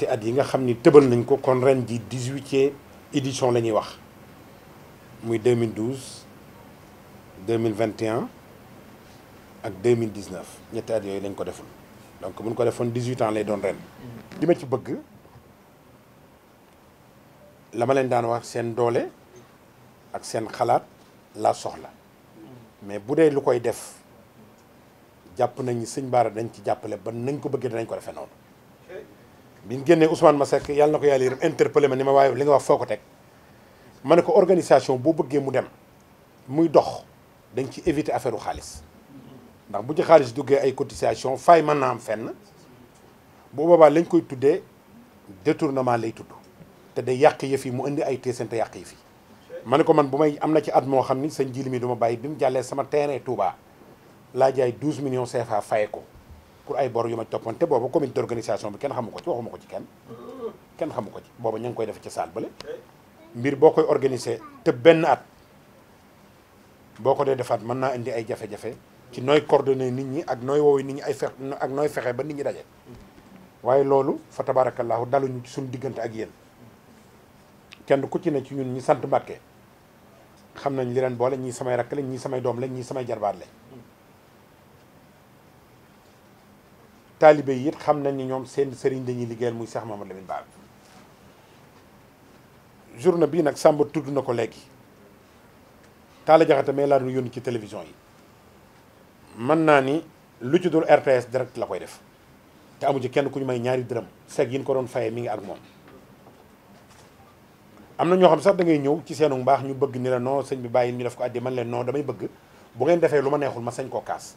ñetti at yi nga xam ni tëbal nañ ko kon ren ji 18e édition la ñuy wax muy 2012 2021 ak 2019 ñetti at yooyu lañ ko deful donc buñ ko defoon 18 ans lay doon ren. li ma ci bëgg la ma leen daan wax seen doole ak seen xalaat laa soxla mais bu dee lu koy def jàpp nañu sëñ Bara dañ ci jàppale ba nañ ko bëggee danañ ko defee noonu. bi génnee génnee ma Masseck yàlla na ko yàlla yërëm interpellé ma ni ma waaye li nga wax foo ko teg ma ne ko organisation boo bëggee mu dem muy dox dañ ci éviter affaire u xaalis ndax bu ci xaalis duggee ay cotisation fay man naa am fenn bu boobaa lañ koy tuddee détournement lay tudd te day yàq yëf yi mu indi ay teeseen te yàq yëf yi ma ne ko man bu may am na ci at moo xam ni sa njiil mi du ma bàyyi bi mu jàllee sama terrain Touba laa jaay 12 millions CFA faye ko pour ay bor yu ma toppoon te booba comité d'organisation bi kenn xamu ko ci waxuma ko ci kenn kenn xamu ko ci booba ñu ngi koy def ci saal bële mbir boo koy organisé te benn at boo ko dee defaat mën naa indi ay jafe-jafe ci nooy coordonné nit ñi ak nooy woowu nit ñi ay ak nooy fexe ba nit ñi daje waaye loolu fa tabaarakallaahu daluñu suñu diggante ak yéen kenn ku ci ne ci ñun ñi sant Mbàkke xam nañ li leen boole ñii samay rakk lañ ñii samay doom lañ ñii samay jarbaat taalibe yi it xam nañ ni ñoom seen sëriñ dañuy liggéeyal muy Cheikh Mamadou Lamine Bara journée bii nag Samba tudd na ko léegi Talla Diakhaté mais laa doon yónni ci télévision yi mën naa ni lu ci dul RTS direct la koy def te amu kenn ku ñu may ñaari dërëm seg yi ñu ko doon fayee mi ngi ak moom am na ñoo xam sax da ngay ñëw ci seenu mbaax ñu bëgg ni la noo sëñ bi bàyyi ñu def ko addi man leen non damay bëgg bu ngeen defee lu ma neexul ma sañ koo kaas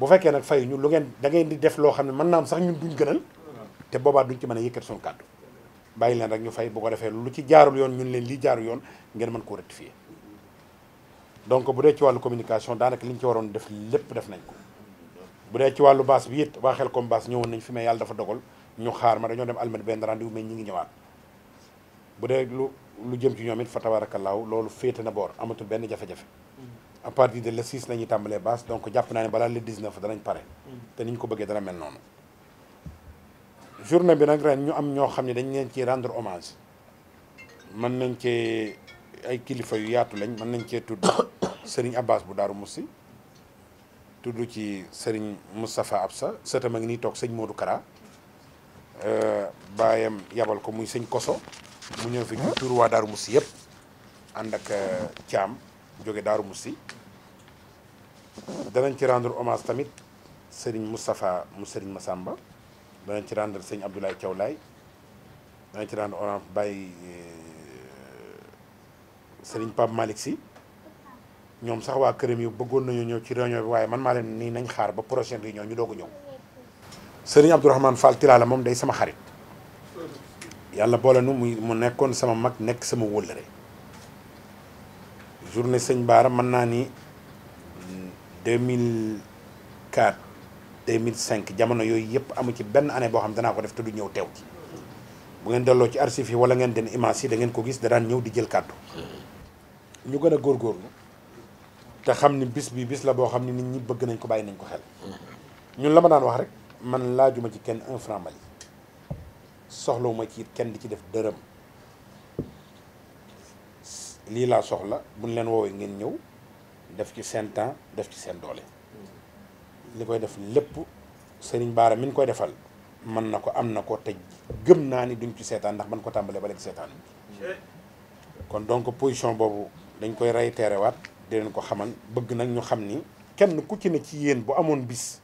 bu fekkee nag fay ñu lu ngeen da ngeen di def loo xam ne mën naa am sax ñun duñ gënal te boobaa duñ ci mën a yëkkati suñu kàddu bàyyi leen rek ñu fay bu ko defee lu ci jaarul yoon ñun leen lii jaarul yoon ngeen mën koo rectifier donc bu dee ci wàllu communication daanaka li ñu ci waroon def lépp def nañ ko bu dee wàllu baas bi it waa xel comme baas ñëwoon nañ fi mais yàlla dafa dogal ñu xaar ma dañoo dem almet benn rendez-vous mais ñi ngi ñëwaat bu dee lu lu jëm ci ñoom it fa laaw loolu féete na boor amatul benn jafe à partir de le 6 la ñuy tàmbalee basse donc jàpp naa ne balaa le 19 danañ pare. te ni ñu ko bëggee dana mel noonu. journée bi nag ren ñu am ñoo xam ne dañ leen ci rendre hommage mën nañ cee ay kilifa yu yaatu lañ mën nañ cee tudd Serigne Abbas bu Daaru Moussi tudd ci Serigne Moustapha Absa sëtam a ngi nii toog sëñ Modou Kara euh, baayam yabal ko muy sëñ Koso mu ñëw fi tur waa Daaru Moussi yëpp ànd ak euh, Thiam. jóge Daaru Musi danañ ci rendre hommage tamit sëriñ mustafa mu sëriñ sàmba danañ ci rendre sëriñ Abdoulaye Thiaw Laye danañ ci rendre hommage Baye euh, sëriñ Pape Malick si ñoom sax waa këram yu bëggoon nañu ñëw ci réunion bi waaye man maa leen nii nañ xaar ba prochaine réunion ñu doo a ñëw sëriñ Abdourahmane Fall Tilala moom day sama xarit yàlla boole nu mu nekkoon sama mag nekk sama wóllëre journée sëñ Baara mën naa ni 2004 cinq jamono yooyu yëpp amu ci benn année boo xam danaa ko def te du ñëw teew ci bu ngeen delloo ci archives yi wala ngeen den image yi da ngeen ko gis da daan ñëw di jël kàddu. ñu gën a góor góorgóorlu te xam ni bis bi bis la boo xam ni nit ñi bëgg nañ ko bàyyi nañ ko xel. ñun la ma daan wax rek man laajuma ci kenn un franc mali soxlawuma ci kenn di ci def dërëm. lii laa soxla buñ leen woowee ngeen ñëw def ci seen temps def ci seen doole li koy def lépp sëriñ Baara mi ñu koy defal mën na ko am na ko te gëm naa ni duñ ci seetaan ndax man ko tàmbalee ba léegi seetaan kon donc position boobu dañ koy réitéré waat di ko xamal bëgg nag ñu xam ni kenn ku ci ne ci yéen bu amoon bis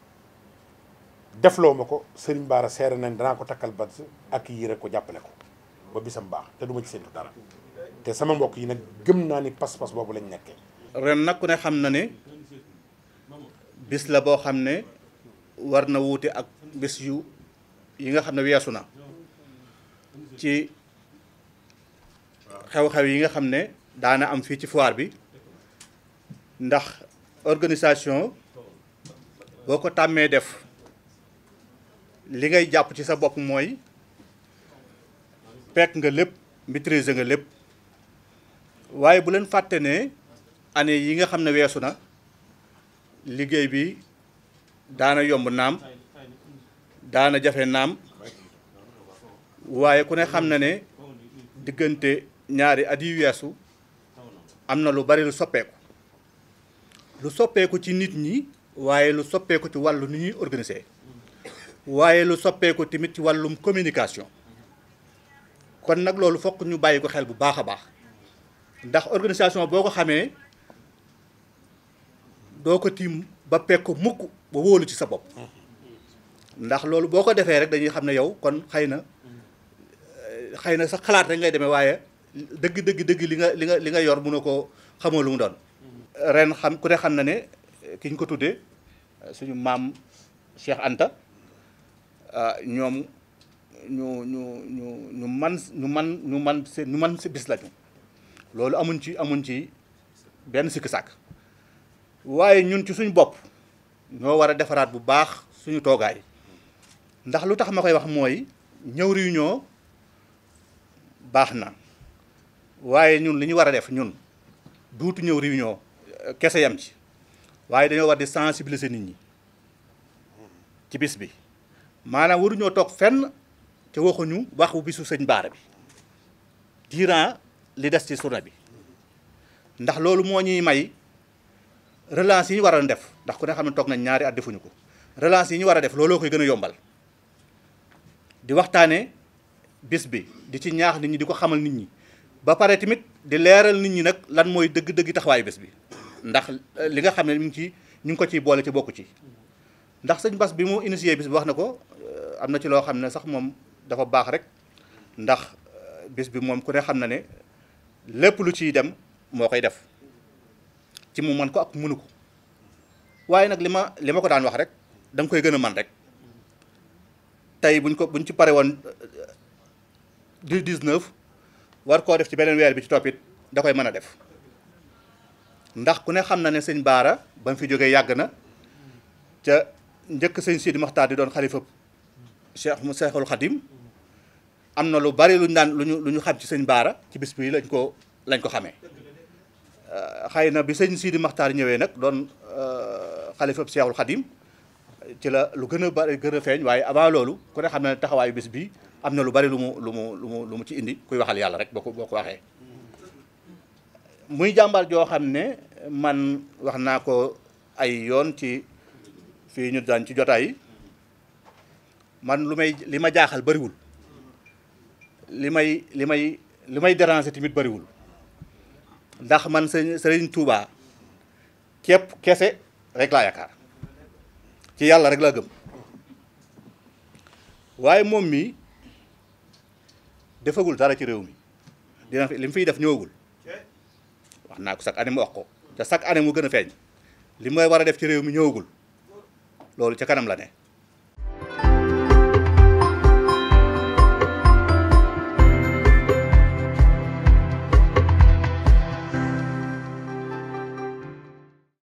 defloo ma ko sëriñ Baara seere nañ danaa ko takkal bat ak yére ko jàppale ko ba bisam baax te duma ci seentu dara te sama mbokk yi nag gëm naa ni pas-pas boobu lañ nekkee. ren nag ku ne xam na ne bis la boo xam ne war na wuute ak bis yu yi nga xam ne weesu na ci xew-xew yi nga xam ne daana am fii ci foire bi ndax organisation boo ko tàmmee def li ngay jàpp ci sa bopp mooy pek nga lépp maîtriser nga lépp waaye bu leen fàtte ne année yi nga xamné ne na liggéey bi daana yomb naam daana jafé naam waye ku ne xam na ne ñaari at yu weesu am lu bari lu ko lu ko ci nit ñi waye lu ko ci walu ni ñuy organiser waye lu ko timit ci walum communication kon nak lolu fokk ñu bàyyi ko xel bu baaxa baax ndax organisation boko xamé xamee doo ko tiim ba pekk mukk bo wolu ci sa bop ndax lolu boko defé rek dañuy xamné yow kon euh, xëy na sa xalaat rek ngay démé waye deug deug deug li nga li nga li nga yor mënoo koo xamolu mu doon ren xam ku ne xam na né euh, kiñ ko tuddé euh, suñu mam Cheikh Anta ñom ñu ñu ñu ñu man ñu man ñu man seen ñu man ci bis lañu loolu amuñ ci amuñ ci benn sikk sàkk waaye ñun ci suñu bopp ñoo war a defaraat bu baax suñu toogaay ndax lu tax ma koy wax mooy ñëw réunion baax na waaye ñun li ñu war a def ñun duutu ñëw réunion euh, kese yam ci waaye dañoo war di sensibiliser nit ñi ci bis bi maanaam waruñoo toog fenn te waxuñu waxu bisu sëñ baara bi diiran li des ci journée bi ndax loolu moo ñuy may relance yi ñu war a def ndax ku ne xam ne toog nañ ñaari at defuñu ko relance yi ñu war a def looloo koy gën a yombal di waxtaanee bis bi di ci ñaax nit ñi di ko xamal nit ñi ba pare tamit di leeral nit ñi nag lan mooy dëgg-dëgg taxawaayu bés bi ndax li nga xam ne mi ngi ci ñu ngi ko ciy boole ci bokku ci ndax sëñ bas bi mu initié bis bi wax na ko euh, am na ci loo xam ne sax moom dafa baax rek ndax euh, bis bi moom ku ne xam na ne lépp lu ciy dem moo koy def ci mu mën ko ak mënu ko waaye nag li ma li ma ko daan wax rek da koy gën a man rek tey buñ ko buñ ci pare woon euh, di 19 war koo def ci beneen weer bi ci toppit da koy mën a def ndax ku ne xam na ne seen Baara ba mu fi jógee yàgg na ca njëkk sëñ Sidi Maxtaar di doon xalifa Cheikh mu Cheikhul am na lu bari lu ñu daan lu ñu lu ñu xam ci sëñ Baara ci bis bi lañ ko lañ ko xamee euh, xëy na bi sëñ Sidi Maxtaar ñëwee nag doon euh, xalifab Seexul Xadim ci la lu gën a bari gën a feeñ waaye avant loolu ku ne xam ne taxawaayu bis bi am na lu bari lu mu lu mu lu mu lu mu ci indi kuy waxal yàlla rek boo ko boo muy jàmbaar joo xam ne man wax naa ko ay yoon ci fii ñu daan ci jotaay man lu may li ma jaaxal bariwul. li may li may li may déranger tamit bariwul ndax man sëñ sëriñ Touba képp kese rek laa yaakaar ci yàlla rek laa gëm waaye moom mii defagul dara ci réew mi dina fi li mu fiy def ñëwagul wax naa ko chaque année mu wax ko te chaque année mu gën a feeñ li may war a def ci réew mi ñëwagul loolu ca kanam la ne.